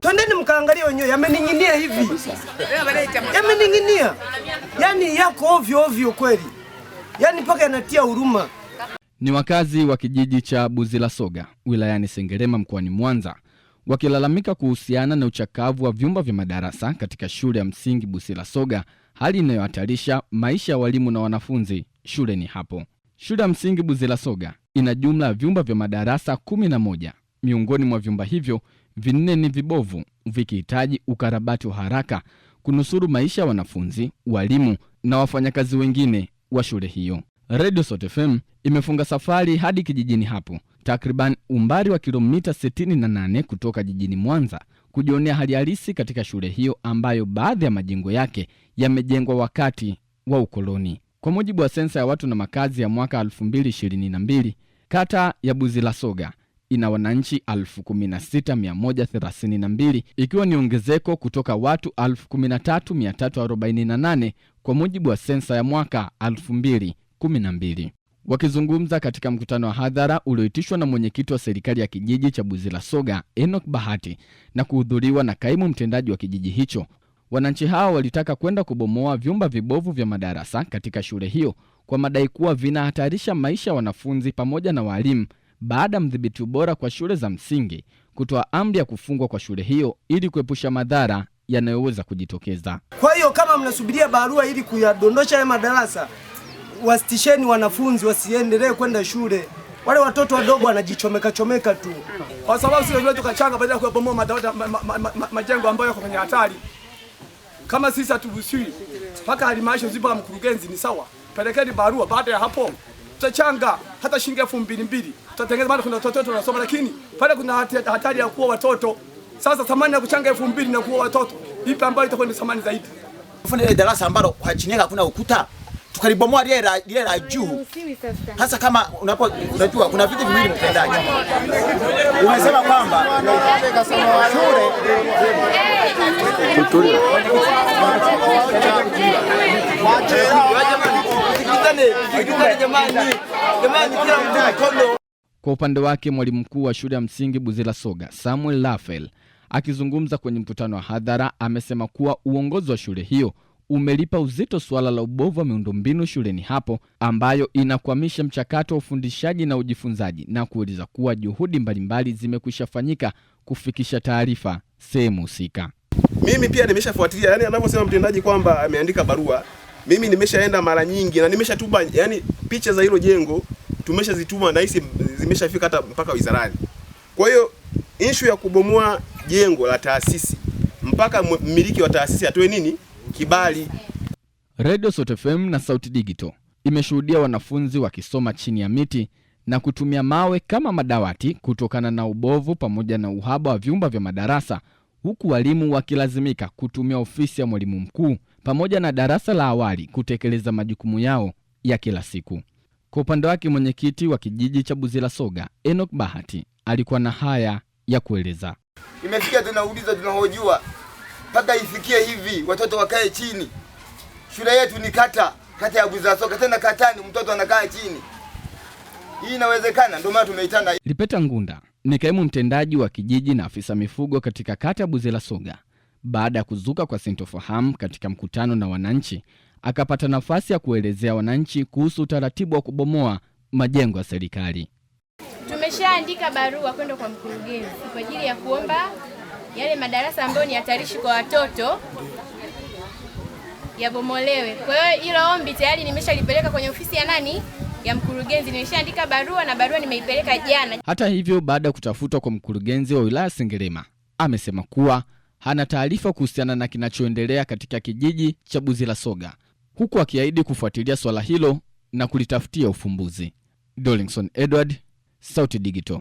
Twendeni mkaangalia wenyewe, yamening'inia hivi, yamening'inia yani, yako ovyo ovyo kweli, yani mpaka yanatia huruma. Ni wakazi wa kijiji cha buzila soga wilayani Sengerema mkoani Mwanza wakilalamika kuhusiana na uchakavu wa vyumba vya madarasa katika shule ya msingi busila soga hali inayohatarisha maisha ya walimu na wanafunzi shule ni hapo. Shule ya msingi soga ina jumla ya vyumba vya madarasa kumi na moja. Miongoni mwa vyumba hivyo vinne ni vibovu, vikihitaji ukarabati wa haraka kunusuru maisha ya wanafunzi, walimu na wafanyakazi wengine wa shule hiyo. Radio Sot FM imefunga safari hadi kijijini hapo, takriban umbali wa kilomita 68 kutoka jijini Mwanza kujionea hali halisi katika shule hiyo ambayo baadhi ya majengo yake yamejengwa wakati wa ukoloni. Kwa mujibu wa sensa ya watu na makazi ya mwaka 2022, kata ya Buzilasoga ina wananchi 16132 ikiwa ni ongezeko kutoka watu 13348 kwa mujibu wa sensa ya mwaka 2012. Wakizungumza katika mkutano wa hadhara ulioitishwa na mwenyekiti wa serikali ya kijiji cha Buzilasoga Enoch Bahati na kuhudhuriwa na kaimu mtendaji wa kijiji hicho Wananchi hao walitaka kwenda kubomoa vyumba vibovu vya madarasa katika shule hiyo kwa madai kuwa vinahatarisha maisha ya wanafunzi pamoja na walimu baada ya mdhibiti ubora kwa shule za msingi kutoa amri ya kufungwa kwa shule hiyo ili kuepusha madhara yanayoweza kujitokeza. Kwa hiyo kama mnasubiria barua ili kuyadondosha haya madarasa, wasitisheni wanafunzi wasiendelee kwenda shule. Wale watoto wadogo wanajichomeka chomeka tu, kwa sababu sio tunachokachanga baada ya kuyabomoa majengo ambayo yako kwenye hatari. Kama sisi haturuhusiwi mpaka halmashauri zipa mkurugenzi, ni sawa, pelekeni barua. Baada ya hapo tutachanga hata shilingi elfu mbili mbili, tutatengeneza maana kuna watoto wanasoma, lakini pale kuna hatari ya kuwa watoto. Sasa thamani ya kuchanga elfu mbili na kuwa watoto ipi ambayo itakuwa ni thamani zaidi? Tufanye ile darasa ambalo kwa chini yake hakuna ukuta tukalibomoa lile la lile la juu. Hasa kama unapo unajua kuna vitu viwili mtendaji, umesema kwamba shule kwa upande wake mwalimu mkuu wa shule ya msingi Buzila Soga Samuel Lafel akizungumza kwenye mkutano wa hadhara amesema kuwa uongozi wa shule hiyo umelipa uzito suala la ubovu wa miundombinu shuleni hapo ambayo inakwamisha mchakato wa ufundishaji na ujifunzaji na kueleza kuwa juhudi mbalimbali zimekwisha fanyika kufikisha taarifa sehemu husika mimi pia nimeshafuatilia, yani anavyosema mtendaji kwamba ameandika barua, mimi nimeshaenda mara nyingi na nimeshatuma, yani picha za hilo jengo tumeshazituma na hisi zimeshafika hata mpaka wizarani. Kwa hiyo ishu ya kubomoa jengo la taasisi mpaka mmiliki wa taasisi atoe nini kibali. Radio Sauti FM na Sauti Digital imeshuhudia wanafunzi wakisoma chini ya miti na kutumia mawe kama madawati kutokana na ubovu pamoja na uhaba wa vyumba vya madarasa huku walimu wakilazimika kutumia ofisi ya mwalimu mkuu pamoja na darasa la awali kutekeleza majukumu yao ya kila siku. Kwa upande wake, mwenyekiti wa kijiji cha soga Enoch Bahati alikuwa na haya ya kueleza. Imefikia tunauliza, tunahojiwa mpaka ifikie hivi, watoto wakae chini. Shule yetu ni kata, kata ya soga tena katani, mtoto anakaa chini. Hii inawezekana? Ndio maana tumeitana. Lipeta Ngunda ni kaimu mtendaji wa kijiji na afisa mifugo katika kata ya soga Baada ya kuzuka kwa sintofahamu katika mkutano na wananchi, akapata nafasi ya kuelezea wananchi kuhusu utaratibu wa kubomoa majengo ya serikali. Tumeshaandika barua kwenda kwa mkurugenzi kwa ajili ya kuomba yale madarasa ambayo ni hatarishi kwa watoto yabomolewe. Kwa hiyo hilo ombi tayari nimeshalipeleka kwenye ofisi ya nani ya mkurugenzi. Nimeshaandika barua na barua nimeipeleka jana. Hata hivyo, baada ya kutafutwa kwa mkurugenzi wa wilaya Sengerema, amesema kuwa hana taarifa kuhusiana na kinachoendelea katika kijiji cha Buzilasoga, huku akiahidi kufuatilia swala hilo na kulitafutia ufumbuzi. Dolinson Edward, Sauti Digital.